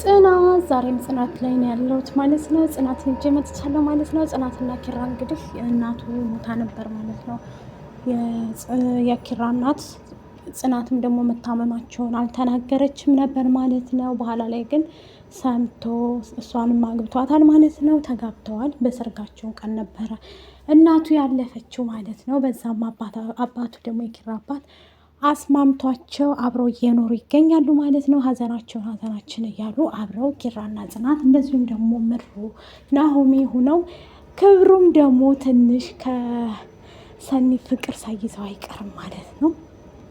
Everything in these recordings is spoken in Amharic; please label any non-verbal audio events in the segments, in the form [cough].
ጽናት ዛሬም ጽናት ላይ ነው ያለሁት ማለት ነው። ጽናት ልጅ መጥቻለሁ ማለት ነው። ጽናትና ኪራ እንግዲህ እናቱ ሞታ ነበር ማለት ነው። የኪራ እናት ጽናትም ደግሞ መታመማቸውን አልተናገረችም ነበር ማለት ነው። በኋላ ላይ ግን ሰምቶ እሷንም አግብቷታል ማለት ነው። ተጋብተዋል። በሰርጋቸው ቀን ነበረ እናቱ ያለፈችው ማለት ነው። በዛም አባቱ ደግሞ የኪራ አባት አስማምቷቸው አብረው እየኖሩ ይገኛሉ ማለት ነው። ሀዘናቸውን ሀዘናችን እያሉ አብረው ኪራና ጽናት እንደዚሁም ደግሞ ምሩ ናሆሜ ሆነው ክብሩም ደግሞ ትንሽ ከሰኒ ፍቅር ሳይዘው አይቀርም ማለት ነው።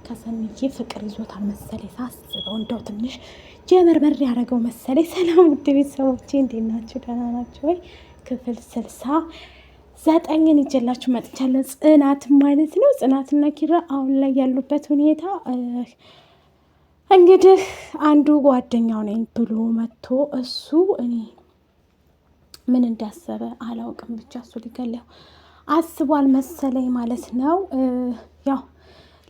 ከሰኒዬ ፍቅር ይዞታል መሰለኝ ሳስበው እንደው ትንሽ ጀመርመር ያደረገው መሰለኝ። ሰላም ውድ ቤተሰቦቼ እንዴት ናቸው? ደህና ናቸው ወይ? ክፍል ስልሳ ዘጠኝን ይዤላችሁ መጥቻለን። ጽናት ማለት ነው። ጽናትና ኪራ አሁን ላይ ያሉበት ሁኔታ እንግዲህ አንዱ ጓደኛው ነኝ ብሎ መጥቶ እሱ እኔ ምን እንዳሰበ አላውቅም፣ ብቻ እሱ ሊገለው አስቧል መሰለኝ ማለት ነው ያው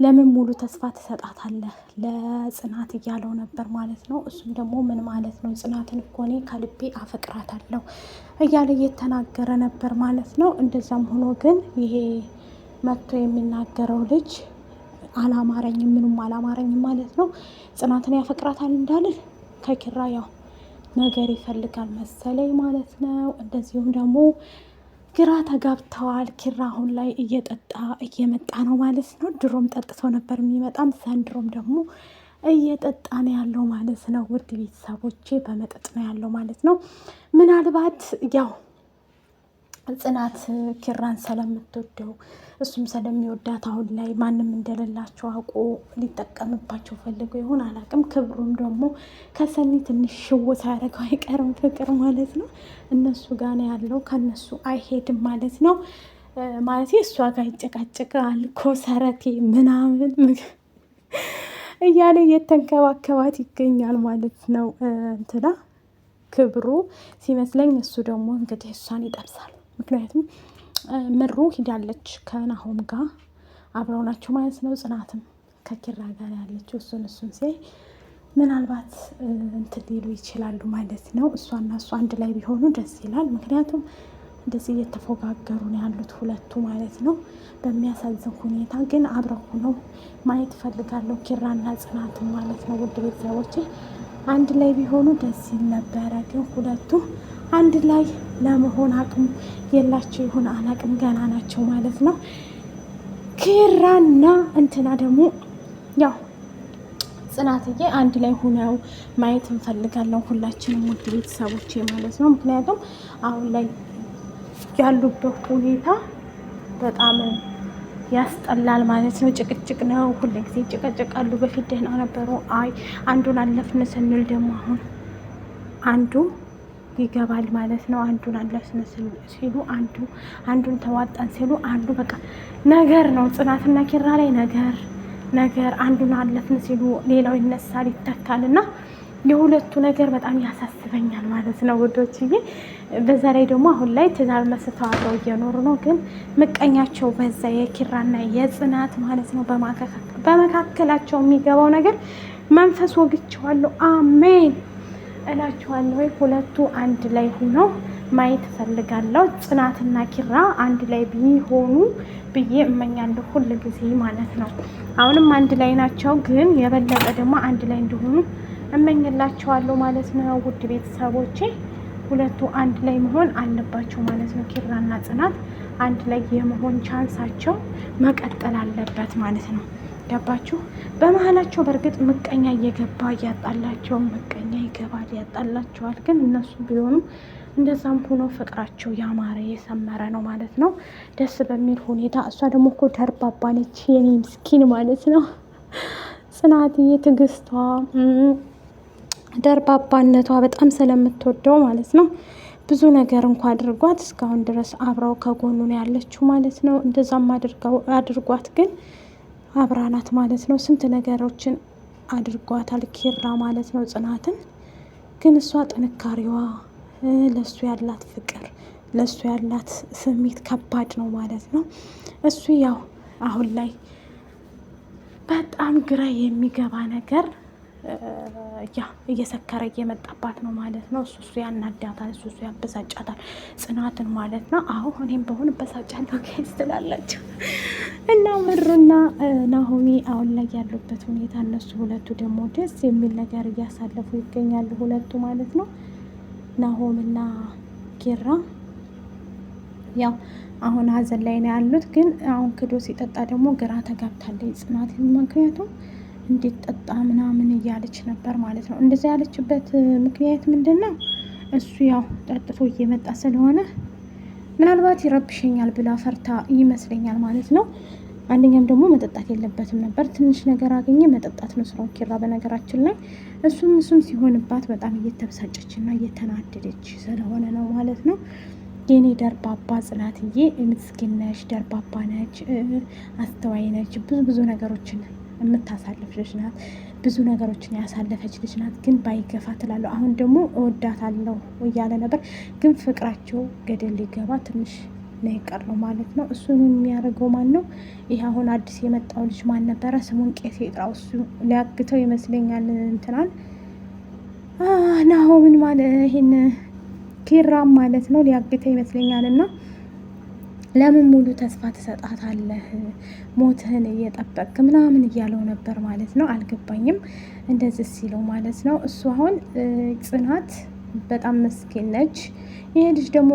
ለምን ሙሉ ተስፋ ትሰጣታለህ ለጽናት እያለው ነበር ማለት ነው። እሱም ደግሞ ምን ማለት ነው ጽናትን እኮ እኔ ከልቤ አፈቅራታለሁ እያለ እየተናገረ ነበር ማለት ነው። እንደዛም ሆኖ ግን ይሄ መጥቶ የሚናገረው ልጅ አላማረኝም፣ ምንም አላማረኝም ማለት ነው። ጽናትን ያፈቅራታል እንዳልል ከኪራ ያው ነገር ይፈልጋል መሰለኝ ማለት ነው። እንደዚሁም ደግሞ ግራ ተጋብተዋል። ኪራ አሁን ላይ እየጠጣ እየመጣ ነው ማለት ነው። ድሮም ጠጥቶ ነበር የሚመጣም ዘንድሮም ደግሞ እየጠጣ ነው ያለው ማለት ነው። ውድ ቤተሰቦቼ በመጠጥ ነው ያለው ማለት ነው። ምናልባት ያው ጽናት ኪራን ስለምትወደው እሱም ስለሚወዳት አሁን ላይ ማንም እንደሌላቸው አውቆ ሊጠቀምባቸው ፈልገው ይሆን አላውቅም። ክብሩም ደግሞ ከሰኒ ትንሽ ሽውት ያደረገው አይቀርም ፍቅር ማለት ነው። እነሱ ጋር ነው ያለው፣ ከነሱ አይሄድም ማለት ነው። ማለት እሷ ጋር ይጨቃጨቃል እኮ ሰረቴ ምናምን [laughs] እያለ የተንከባከባት ይገኛል ማለት ነው። እንትና ክብሩ ሲመስለኝ እሱ ደግሞ እንግዲህ እሷን ይጠብሳል። ምክንያቱም ምሩ ሂዳለች ከናሆም ጋር አብረው ናቸው ማለት ነው። ጽናትም ከኪራ ጋር ያለችው እሱን እሱን ሲያይ ምናልባት እንትን ሊሉ ይችላሉ ማለት ነው። እሷና እሱ አንድ ላይ ቢሆኑ ደስ ይላል። ምክንያቱም እንደዚህ እየተፎጋገሩ ነው ያሉት ሁለቱ ማለት ነው። በሚያሳዝን ሁኔታ ግን አብረው ሆነው ማየት ፈልጋለው ኪራና ጽናትን ማለት ነው። ውድ ቤተሰቦቼ አንድ ላይ ቢሆኑ ደስ ይል ነበረ ግን ሁለቱ አንድ ላይ ለመሆን አቅም የላቸው ይሆን አላቅም፣ ገና ናቸው ማለት ነው። ኪራና እንትና ደግሞ ያው ጽናትዬ አንድ ላይ ሁነው ማየት እንፈልጋለን ሁላችንም ውድ ቤተሰቦቼ ማለት ነው። ምክንያቱም አሁን ላይ ያሉበት ሁኔታ በጣም ያስጠላል ማለት ነው። ጭቅጭቅ ነው፣ ሁሉ ጊዜ አሉ በፊት ደህና ነበሩ። አይ አንዱን አለፍን ስንል ደግሞ አሁን አንዱ ይገባል ማለት ነው። አንዱን አላስነ ሲሉ አንዱ አንዱን ተዋጣን ሲሉ አንዱ በቃ ነገር ነው። ጽናትና ኪራ ላይ ነገር ነገር አንዱን አለፍን ሲሉ ሌላው ይነሳል ይተካል እና የሁለቱ ነገር በጣም ያሳስበኛል ማለት ነው ውዶችዬ። በዛ ላይ ደግሞ አሁን ላይ ትዳር መስተው አብረው እየኖሩ ነው፣ ግን ምቀኛቸው በዛ የኪራና የጽናት ማለት ነው። በመካከላቸው የሚገባው ነገር መንፈስ ወግቸዋለሁ። አሜን እላችኋለሁ። ሁለቱ አንድ ላይ ሆነው ማየት እፈልጋለሁ። ጽናትና ኪራ አንድ ላይ ቢሆኑ ብዬ እመኛለሁ ሁል ጊዜ ማለት ነው። አሁንም አንድ ላይ ናቸው፣ ግን የበለጠ ደግሞ አንድ ላይ እንደሆኑ እመኝላቸዋለሁ ማለት ነው። ውድ ቤተሰቦቼ ሁለቱ አንድ ላይ መሆን አለባቸው ማለት ነው። ኪራና ጽናት አንድ ላይ የመሆን ቻንሳቸው መቀጠል አለበት ማለት ነው። እየፈረዳባችሁ በመሀላቸው በእርግጥ ምቀኛ እየገባ እያጣላቸው ምቀኛ ይገባል ያጣላቸዋል። ግን እነሱ ቢሆኑ እንደዛም ሆኖ ፍቅራቸው ያማረ የሰመረ ነው ማለት ነው፣ ደስ በሚል ሁኔታ። እሷ ደግሞ እኮ ደርባባ ነች የኔ ምስኪን ማለት ነው። ጽናትዬ ትዕግስቷ ደርባባነቷ በጣም ስለምትወደው ማለት ነው ብዙ ነገር እንኳ አድርጓት እስካሁን ድረስ አብረው ከጎኑ ነው ያለችው ማለት ነው። እንደዛም አድርጓት ግን አብራናት ማለት ነው። ስንት ነገሮችን አድርጓታል ኪራ ማለት ነው ጽናትን። ግን እሷ ጥንካሬዋ፣ ለሱ ያላት ፍቅር፣ ለሱ ያላት ስሜት ከባድ ነው ማለት ነው። እሱ ያው አሁን ላይ በጣም ግራ የሚገባ ነገር ያ እየሰከረ እየመጣባት ነው ማለት ነው። እሱ ያናዳታል፣ እሱ ያበሳጫታል ጽናትን ማለት ነው። አሁን እኔም በሆን በሳጫለሁ ኬስ እና ምሩና ናሆሚ አሁን ላይ ያሉበት ሁኔታ እነሱ ሁለቱ ደግሞ ደስ የሚል ነገር እያሳለፉ ይገኛሉ። ሁለቱ ማለት ነው ናሆምና ኪራ ያው አሁን ሀዘን ላይ ነው ያሉት። ግን አሁን ክዶ ሲጠጣ ደግሞ ግራ ተጋብታለች ጽናት። ምክንያቱም እንዴት ጠጣ ምናምን እያለች ነበር ማለት ነው። እንደዚ ያለችበት ምክንያት ምንድን ነው? እሱ ያው ጠጥቶ እየመጣ ስለሆነ ምናልባት ይረብሸኛል ብላ ፈርታ ይመስለኛል ማለት ነው። አንደኛም ደግሞ መጠጣት የለበትም ነበር። ትንሽ ነገር አገኘ መጠጣት ነው ስራው ኪራ። በነገራችን ላይ እሱም እሱም ሲሆንባት በጣም እየተበሳጨች እና እየተናደደች ስለሆነ ነው ማለት ነው። የኔ ደርባባ ጽናትዬ፣ ምስኪን ነሽ፣ ደርባባ ነች፣ አስተዋይ ነች፣ ብዙ ብዙ ነገሮችን የምታሳልፍ ልጅ ናት። ብዙ ነገሮችን ያሳለፈች ልጅ ናት። ግን ባይገፋ ትላለሁ። አሁን ደግሞ እወዳታለሁ እያለ ነበር። ግን ፍቅራቸው ገደል ሊገባ ትንሽ ነው የቀረው ማለት ነው። እሱን የሚያደርገው ማን ነው? ይህ አሁን አዲስ የመጣው ልጅ ማን ነበረ? ስሙን ቄስ ይጥራው። እሱ ሊያግተው ይመስለኛል። እንትናል ናሆምን ማለት ይሄን ኪራም ማለት ነው ሊያግተው ይመስለኛል እና ለምን ሙሉ ተስፋ ትሰጣታለህ? ሞትህን እየጠበቅ ምናምን እያለው ነበር ማለት ነው። አልገባኝም እንደዚህ ሲለው ማለት ነው። እሱ አሁን ጽናት በጣም መስኪን ነች። ይሄ ልጅ ደግሞ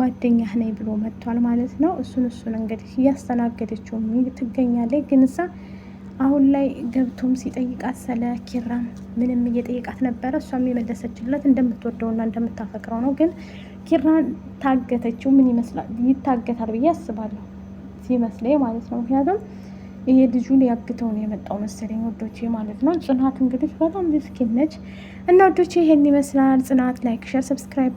ጓደኛ ነኝ ብሎ መጥቷል ማለት ነው። እሱን እሱን እንግዲህ እያስተናገደችው ትገኛለች። ግን እሳ አሁን ላይ ገብቶም ሲጠይቃት ስለ ኪራም ምንም እየጠይቃት ነበረ። እሷም የመለሰችለት እንደምትወደውና እንደምታፈቅረው ነው ግን ኪራን ታገተችው ምን ይመስላል? ይታገታል ብዬ አስባለሁ ሲመስለኝ ማለት ነው። ምክንያቱም ይሄ ልጁ ሊያግተው ነው የመጣው መሰለኝ ወዶቼ ማለት ነው። ጽናት እንግዲህ በጣም ምስኪን ነች እና ወዶቼ ይሄን ይመስላል። ጽናት ላይክ፣ ሸር፣ ሰብስክራይብ